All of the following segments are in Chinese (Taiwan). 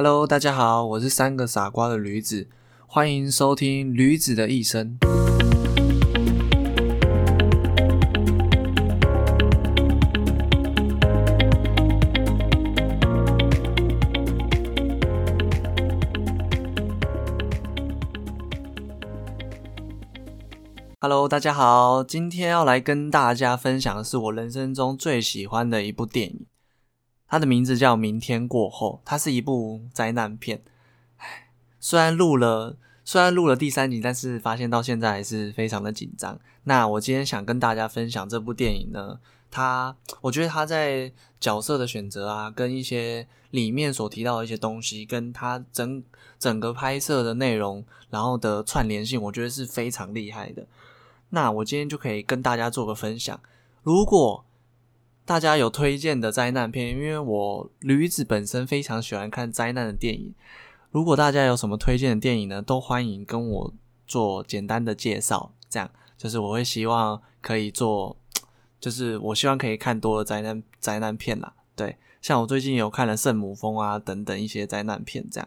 Hello，大家好，我是三個傻瓜的驢子，歡迎收聽驢子的一生。Hello，大家好，今天要來跟大家分享的是我人生中最喜歡的一部電影。它的名字叫《明天過後》，它是一部災難片。唉，雖然錄了，雖然錄了第三集，但是發現到現在還是非常的緊張。那我今天想跟大家分享這部電影呢，它，我覺得它在角色的選擇啊，跟一些裡面所提到的一些東西，跟它整、整個拍攝的內容，然後的串聯性，我覺得是非常厲害的。那我今天就可以跟大家做個分享。如果大家有推薦的災難片，因為我驢子本身非常喜歡看災難的電影。如果大家有什麼推薦的電影呢，都歡迎跟我做簡單的介紹。這樣就是我會希望可以做，就是我希望可以看多的災難災難片啦。對，像我最近有看了《聖母峰》啊等等一些災難片，這樣。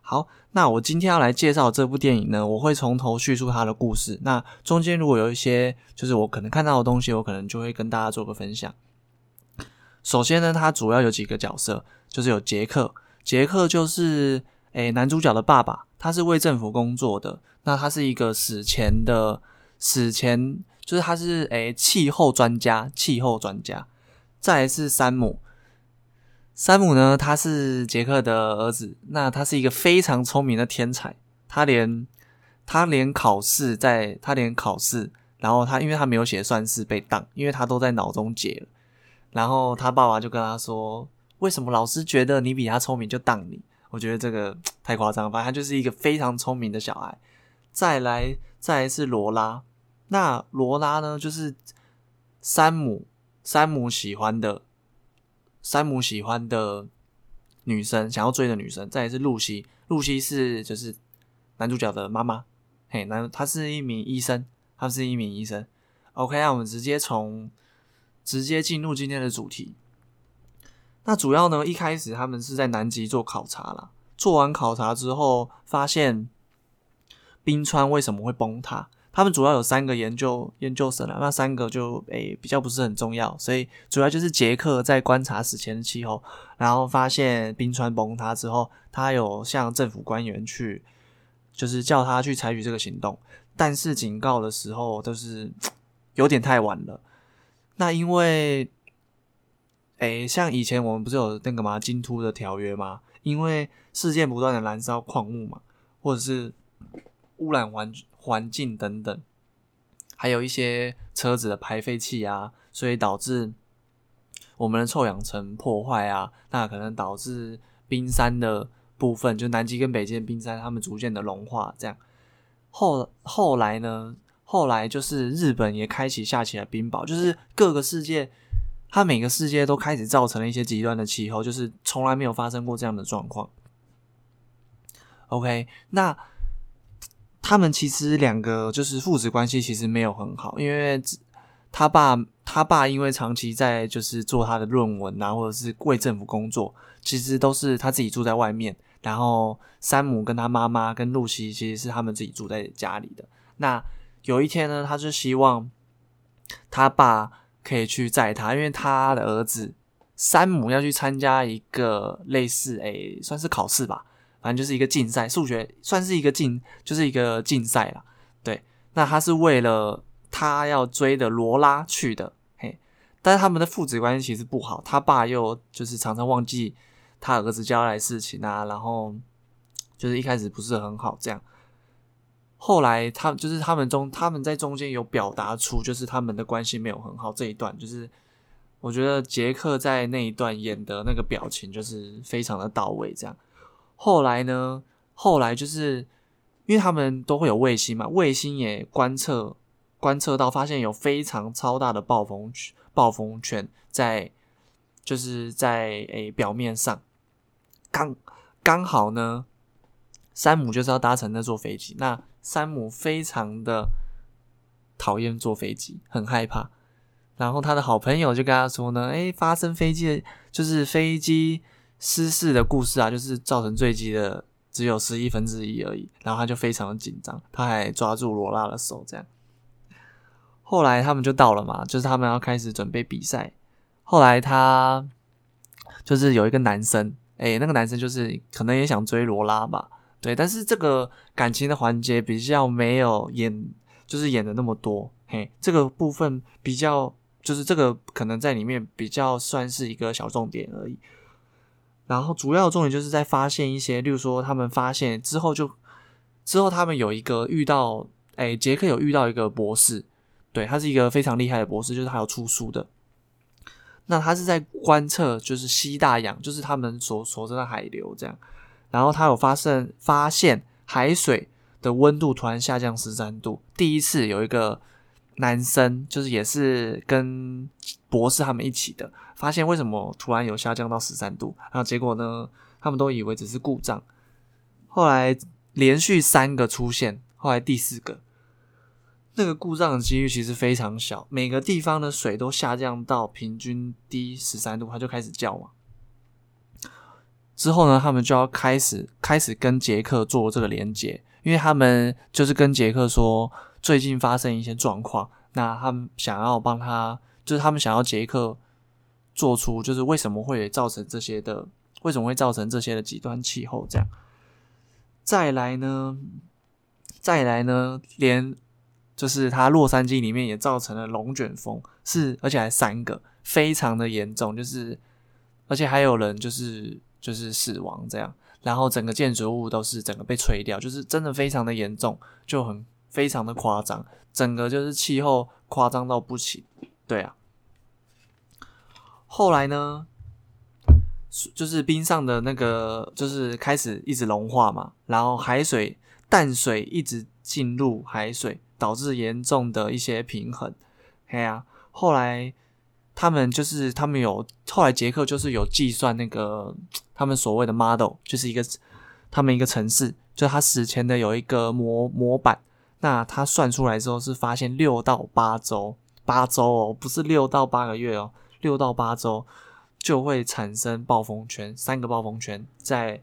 好，那我今天要來介紹這部電影呢，我會從頭敘述它的故事。那中間如果有一些就是我可能看到的東西，我可能就會跟大家做個分享。首先呢，他主要有幾個角色，就是有傑克，傑克就是誒、欸、男主角的爸爸，他是為政府工作的，那他是一個史前的史前，就是他是誒、欸、氣候專家，氣候專家。再來是山姆，山姆呢他是傑克的兒子，那他是一個非常聰明的天才，他連他連考試在，他連考試，然後他因為他沒有寫算式，被當，因為他都在腦中解了。然後他爸爸就跟他說：“為什麼老師覺得你比他聰明就當你？”我覺得這個太誇張，反正他就是一個非常聰明的小孩。再來，再來是羅拉。那羅拉呢，就是山姆，山姆喜歡的，山姆喜歡的女生，想要追的女生。再來是露西，露西是就是男主角的媽媽。嘿，男，他是一名醫生，他是一名醫生。OK，那，啊，我們直接從。直接進入今天的主題。那主要呢，一開始他們是在南極做考察啦，做完考察之後，發現冰川為什麼會崩塌？他們主要有三個研究研究生了、啊，那三個就誒、欸、比較不是很重要，所以主要就是傑克在觀察史前的氣候，然後發現冰川崩塌之後，他有向政府官員去，就是叫他去採取這個行動。但是警告的時候都、就是有點太晚了。那因為，哎、欸，像以前我們不是有那個嘛《京都的條約》嗎？因為世界不斷的燃燒礦物嘛，或者是污染環環境等等，還有一些車子的排廢氣啊，所以導致我們的臭氧層破壞啊，那可能導致冰山的部分，就南極跟北極的冰山，它們逐漸的融化，這樣。後後來呢？後來就是日本也開始下起了冰雹，就是各個世界，他每個世界都開始造成了一些極端的氣候，就是從來沒有發生過這樣的狀況。OK，那他們其實兩個就是父子關係其實沒有很好，因為他爸他爸因為長期在就是做他的論文啊，或者是為政府工作，其實都是他自己住在外面，然後山姆跟他媽媽跟露西其實是他們自己住在家裡的那。有一天呢，他就希望他爸可以去載他，因為他的兒子山姆要去參加一個類似哎、欸，算是考試吧，反正就是一個競賽，數學算是一個競，就是一個競賽啦，對，那他是為了他要追的羅拉去的。嘿，但是他們的父子關係其實不好，他爸又就是常常忘記他兒子交代事情啊，然後就是一開始不是很好這樣。後來他，他就是他們中，他們在中間有表達出，就是他們的關係沒有很好這一段，就是我覺得傑克在那一段演的那個表情就是非常的到位。這樣，後來呢，後來就是因為他們都會有衛星嘛，衛星也觀測觀測到，發現有非常超大的暴風暴風圈在，就是在誒表面上，剛剛好呢。山姆就是要搭乘那座飛機，那山姆非常的討厭坐飛機，很害怕。然後他的好朋友就跟他說呢：“哎，發生飛機的，就是飛機失事的故事啊，就是造成墜機的只有十一分之一而已。”然後他就非常的緊張，他還抓住羅拉的手這樣。後來他們就到了嘛，就是他們要開始準備比賽。後來他就是有一個男生，哎，那個男生就是可能也想追羅拉吧。對，但是這個感情的環節比較沒有演，就是演的那麼多，嘿，這個部分比較就是這個可能在裡面比較算是一個小重點而已。然後主要的重點就是在發現一些，例如說他們發現之後就之後他們有一個遇到，哎，傑克有遇到一個博士，對，他是一個非常厲害的博士，就是還有出書的。那他是在觀測，就是西大洋，就是他們所所在的海流這樣。然後他有發生發現海水的溫度突然下降十三度，第一次有一個男生，就是也是跟博士他們一起的，發現為什麼突然有下降到十三度，然後結果呢，他們都以為只是故障，後來連續三個出現，後來第四個，那個故障的幾率其實非常小，每個地方的水都下降到平均低十三度，他就開始叫嘛。之後呢，他們就要開始開始跟傑克做這個連接，因為他們就是跟傑克說最近發生一些狀況，那他們想要幫他，就是他們想要傑克做出就是為什麼會造成這些的，為什麼會造成這些的極端氣候這樣。再來呢，再來呢，連就是他洛杉磯裡面也造成了龍捲風，是而且還三個，非常的嚴重，就是而且還有人就是。就是死亡這樣，然後整個建築物都是整個被吹掉，就是真的非常的嚴重，就很非常的誇張，整個就是氣候誇張到不行，對啊。後來呢，就是冰上的那個就是開始一直融化嘛，然後海水淡水一直進入海水，導致嚴重的一些平衡，哎呀，啊，後來。他們就是他們有，後來傑克就是有計算那個他們所謂的 model，就是一個他們一個城市，就他死前的有一個模模板。那他算出來之後是發現六到八周，八周哦，不是六到八個月哦，六到八周就會產生暴風圈，三個暴風圈在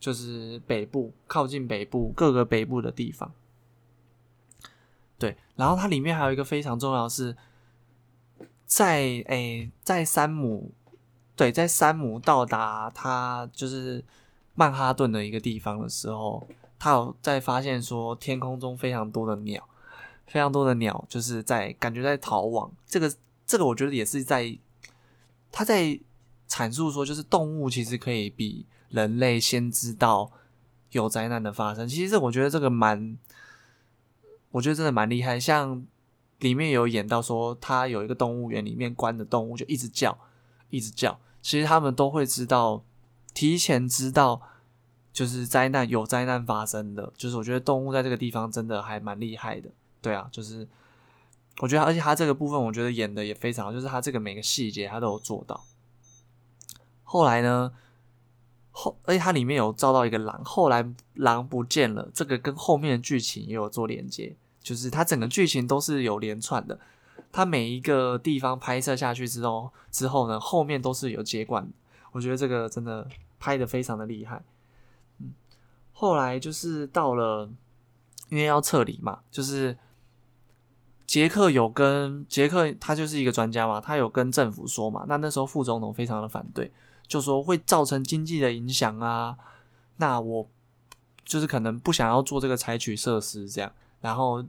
就是北部靠近北部各個北部的地方。對，然後它裡面還有一個非常重要的是。在誒、欸，在山姆，對，在山姆到達他就是曼哈頓的一個地方的時候，他有在發現說天空中非常多的鳥，非常多的鳥就是在感覺在逃亡。這個這個，我覺得也是在他在闡述說，就是動物其實可以比人類先知道有災難的發生。其實我覺得這個蠻，我覺得真的蠻厲害，像。裡面有演到說，他有一個動物園裡面關的動物就一直叫，一直叫。其實他們都會知道，提前知道就是災難有災難發生的。就是我覺得動物在這個地方真的還蠻厲害的，對啊，就是我覺得，而且他這個部分我覺得演的也非常，就是他這個每個細節他都有做到。後來呢，後，而且他裡面有照到一個狼，後來狼不見了，這個跟後面的劇情也有做連接。就是它整個劇情都是有連串的，它每一個地方拍攝下去之後，之後呢，後面都是有接管的。我覺得這個真的拍得非常的厲害。嗯，後來就是到了，因為要撤離嘛，就是傑克有跟傑克，他就是一個專家嘛，他有跟政府說嘛。那那時候副總統非常的反對，就說會造成經濟的影響啊。那我就是可能不想要做這個採取措施這樣，然後。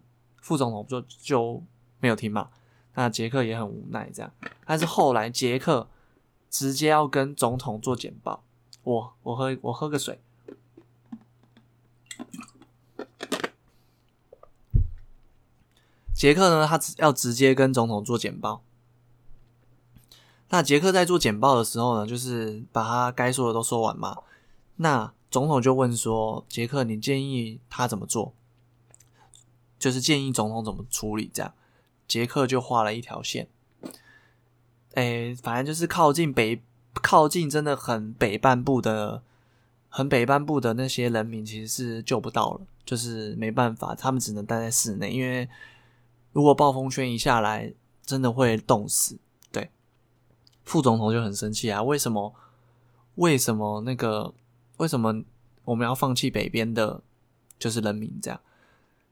副總統就就沒有聽嘛，那杰克也很無奈這樣，但是後來杰克直接要跟總統做簡報，我我喝我喝個水。杰克呢，他要直接跟總統做簡報。那杰克在做簡報的時候呢，就是把他該說的都說完嘛。那總統就問說：“杰克，你建議他怎麼做？”就是建議總統怎麼處理這樣，傑克就畫了一條線。哎、欸，反正就是靠近北、靠近真的很北半部的、很北半部的那些人民，其實是救不到了，就是沒辦法，他們只能待在室內，因為如果暴風圈一下來，真的會凍死。對，副總統就很生氣啊，為什麼？為什麼那個？為什麼我們要放棄北邊的？就是人民這樣。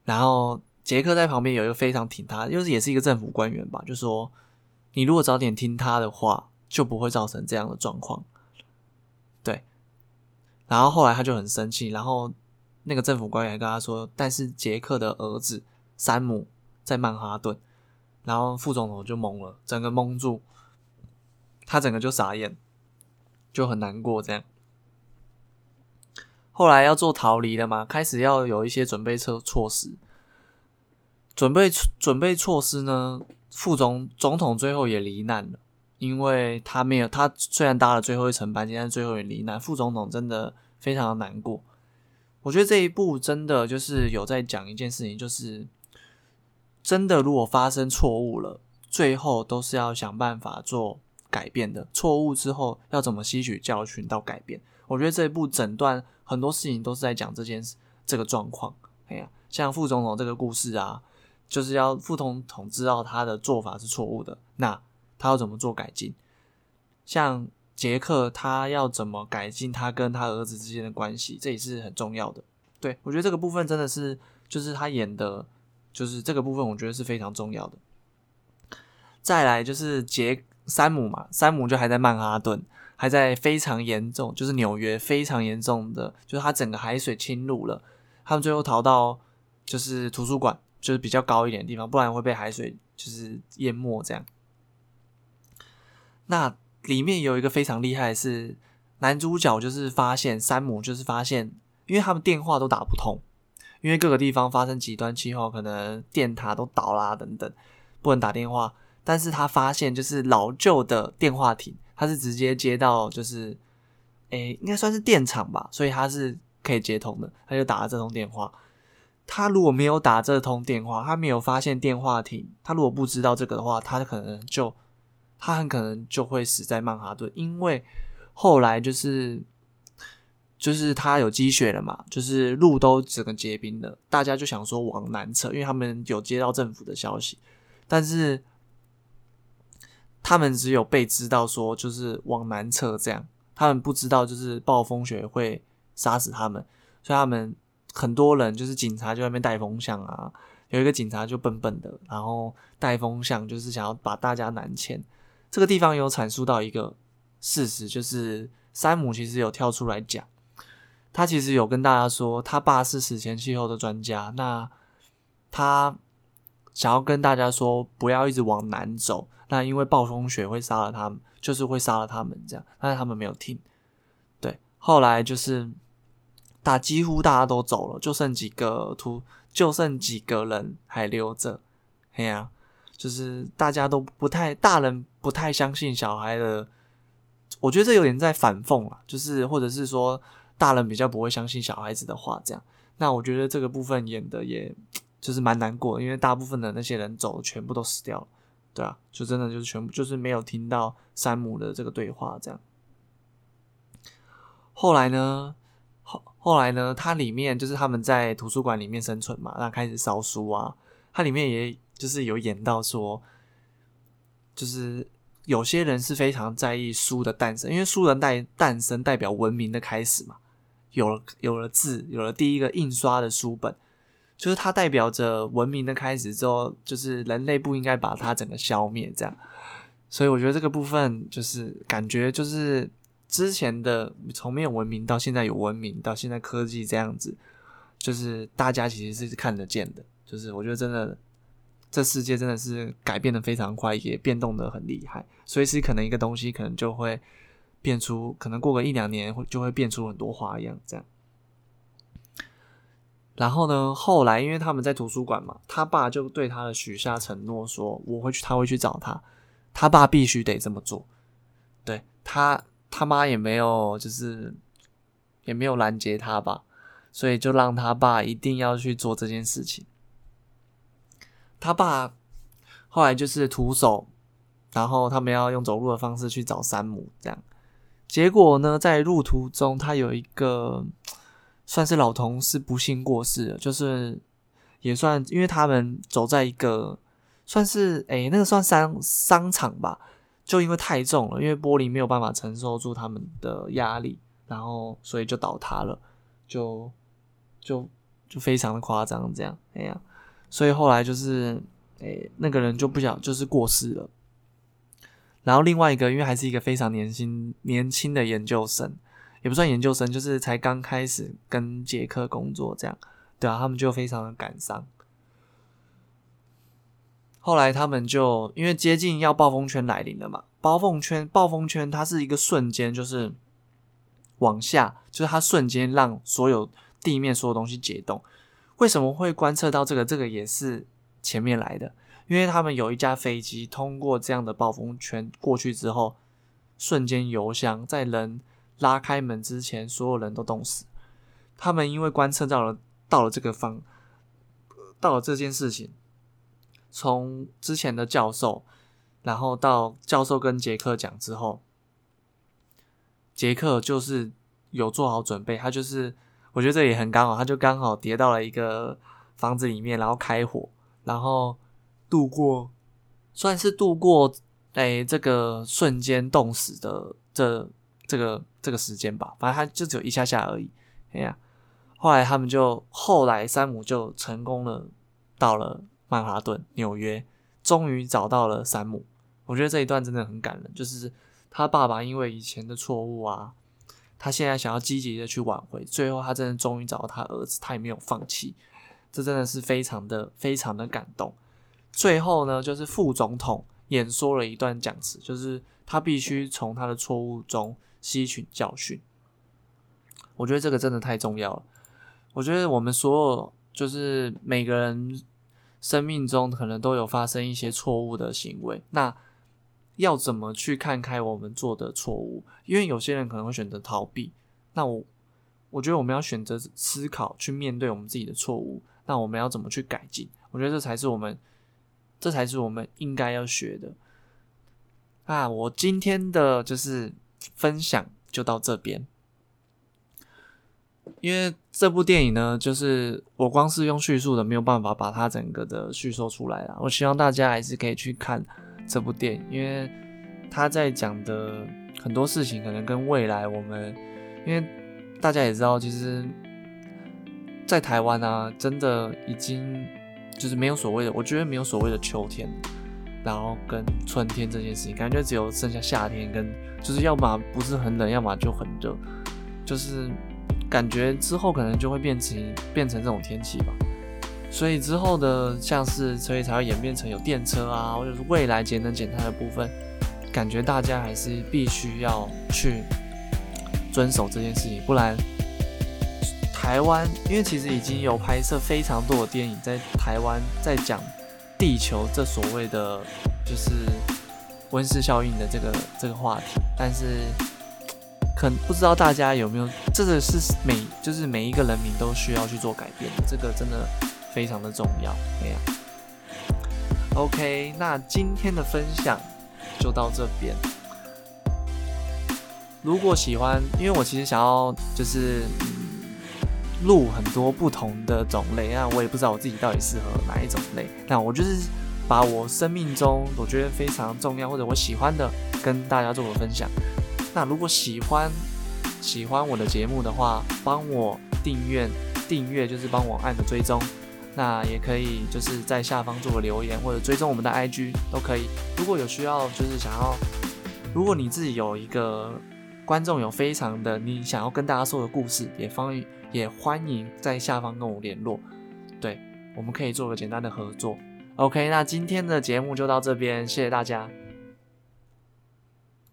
然後杰克在旁邊有一個非常挺他，就是也是一個政府官員吧，就說你如果早點聽他的話，就不會造成這樣的狀況。對，然後後來他就很生氣，然後那個政府官員跟他說，但是傑克的兒子山姆在曼哈頓，然後副總統就懵了，整個懵住，他整個就傻眼，就很難過，這樣。後來要做逃離了嘛，開始要有一些準備措措施。準備準備措施呢，副總總統最後也罹難了，因為他沒有他雖然搭了最後一程班機，但最後也罹難。副總統真的非常難過。我覺得這一部真的就是有在講一件事情，就是真的如果發生錯誤了，最後都是要想辦法做改變的。錯誤之後要怎麼吸取教訓到改變？我覺得這一部整段很多事情都是在講這件事，這個狀況。哎呀，像副總統這個故事啊，就是要副總統知道他的做法是錯誤的，那他要怎麼做改進？像傑克他要怎麼改進他跟他兒子之間的關係，這也是很重要的。對，我覺得這個部分真的是，就是他演的，就是這個部分我覺得是非常重要的。再來就是傑山姆嘛，山姆就還在曼哈頓。還在非常嚴重，就是紐約非常嚴重的，就是它整個海水侵入了。他們最後逃到就是圖書館，就是比較高一點的地方，不然會被海水就是淹沒。這樣，那裡面有一個非常厲害的是男主角，就是發現山姆，就是發現，因為他們電話都打不通，因為各個地方發生極端氣候，可能電塔都倒啦等等，不能打電話。但是他發現就是老舊的電話亭。他是直接接到，就是，誒、欸，應該算是電廠吧，所以他是可以接通的。他就打了這通電話。他如果沒有打這通電話，他沒有發現電話亭，他如果不知道這個的話，他可能就，他很可能就會死在曼哈頓，因為後來就是，就是他有積雪了嘛，就是路都整個結冰了，大家就想說往南撤，因為他們有接到政府的消息，但是。他們只有被知道說就是往南撤這樣，他們不知道就是暴風雪會殺死他們，所以他們很多人就是警察就在外面帶風向啊，有一個警察就笨笨的，然後帶風向就是想要把大家南遷。這個地方有闡述到一個事實，就是山姆其實有跳出來講，他其實有跟大家說他爸是史前氣候的專家，那他。想要跟大家說，不要一直往南走，那因為暴風雪會殺了他們，就是會殺了他們這樣。但是他們沒有聽，對。後來就是，打，幾乎大家都走了，就剩幾個突，就剩幾個人還留着。哎呀、啊，就是大家都不太大人不太相信小孩的，我覺得這有點在反諷了，就是或者是說大人比較不會相信小孩子的話這樣。那我覺得這個部分演的也。就是蠻難過的，因為大部分的那些人走，全部都死掉了，對啊，就真的就是全部，就是沒有聽到山姆的這個對話這樣。後來呢，後後來呢，它裡面就是他們在圖書館裡面生存嘛，那開始燒書啊，它裡面也就是有演到說，就是有些人是非常在意書的誕生，因為書的代誕生代表文明的開始嘛，有了有了字，有了第一個印刷的書本。就是它代表着文明的開始，之後就是人類不應該把它整個消滅這樣。所以我覺得這個部分就是感覺，就是之前的從沒有文明到現在有文明，到現在科技這樣子，就是大家其實是看得見的。就是我覺得真的，這世界真的是改變的非常快，也變動的很厲害，隨時可能一個東西可能就會變出，可能過個一兩年就會變出很多花樣這樣。然後呢，後來因為他們在圖書館嘛，他爸就對他的許下承諾說，說我會去，他會去找他。他爸必須得這麼做。對，他他媽也沒有，就是也沒有攔截他吧，所以就讓他爸一定要去做這件事情。他爸後來就是徒手，然後他們要用走路的方式去找山姆，這樣。結果呢，在路途中，他有一個。算是老同事不幸過世了，就是也算，因為他們走在一個算是誒、欸，那個算商商場吧，就因為太重了，因為玻璃沒有辦法承受住他們的壓力，然後所以就倒塌了，就就就非常的誇張這樣。哎呀、啊，所以後來就是誒、欸，那個人就不想就是過世了，然後另外一個因為還是一個非常年輕年輕的研究生。也不算研究生，就是才剛開始跟傑克工作這樣，對啊，他們就非常的感傷。後來他們就因為接近要暴風圈來臨了嘛，暴風圈，暴風圈它是一個瞬間，就是往下，就是它瞬間讓所有地面所有東西解凍。為什麼會觀測到這個？這個也是前面來的，因為他們有一架飛機通過這樣的暴風圈過去之後，瞬間油箱在人。拉開門之前，所有人都凍死。他們因為觀測到了到了這個方，到了這件事情，從之前的教授，然後到教授跟傑克講之後，傑克就是有做好準備。他就是，我覺得這也很剛好，他就剛好跌到了一個房子裡面，然後開火，然後度過，算是度過，哎，這個瞬間凍死的這。這個這個時間吧，反正他就只有一下下而已，哎呀、啊！後來他們就後來，山姆就成功了，到了曼哈頓，紐約，終於找到了山姆。我覺得這一段真的很感人，就是他爸爸因為以前的錯誤啊，他現在想要積極的去挽回，最後他真的終於找到他兒子，他也沒有放棄，這真的是非常的非常的感動。最後呢，就是副總統演說了一段講詞，就是他必須從他的錯誤中。吸取教訓，我覺得這個真的太重要了。我覺得我們所有就是每個人生命中可能都有發生一些錯誤的行為，那要怎麼去看開我們做的錯誤？因為有些人可能會選擇逃避，那我我覺得我們要選擇思考去面對我們自己的錯誤，那我們要怎麼去改進？我覺得這才是我們這才是我們應該要學的。啊，我今天的就是。分享就到這邊，因為這部電影呢，就是我光是用敘述的沒有辦法把它整個的敘述出來啦。我希望大家還是可以去看這部電影，因為他在講的很多事情，可能跟未來我們，因為大家也知道，其實，在台灣啊，真的已經就是沒有所謂的，我覺得沒有所謂的秋天。然後跟春天這件事情，感覺只有剩下夏天跟，就是要麼不是很冷，要麼就很熱，就是感覺之後可能就會變成變成這種天氣吧。所以之後的像是，所以才會演變成有電車啊，或者是未來節能減碳的部分，感覺大家還是必須要去遵守這件事情，不然台灣因為其實已經有拍攝非常多的電影在台灣在講。地球這所謂的就是溫室效應的這個這個話題，但是，可能不知道大家有沒有這個是每就是每一個人民都需要去做改變的，這個真的非常的重要。哎呀，OK，那今天的分享就到這邊。如果喜歡，因為我其實想要就是。錄很多不同的種類，那我也不知道我自己到底適合哪一種類。那我就是把我生命中我覺得非常重要或者我喜歡的跟大家做個分享。那如果喜歡，喜歡我的節目的話，幫我訂閱訂閱，就是幫我按個追蹤。那也可以就是在下方做個留言或者追蹤我們的 IG 都可以。如果有需要就是想要，如果你自己有一個。觀眾有非常的你想要跟大家說的故事，也歡迎也歡迎在下方跟我聯絡，對，我們可以做個簡單的合作。OK，那今天的節目就到這邊，謝謝大家。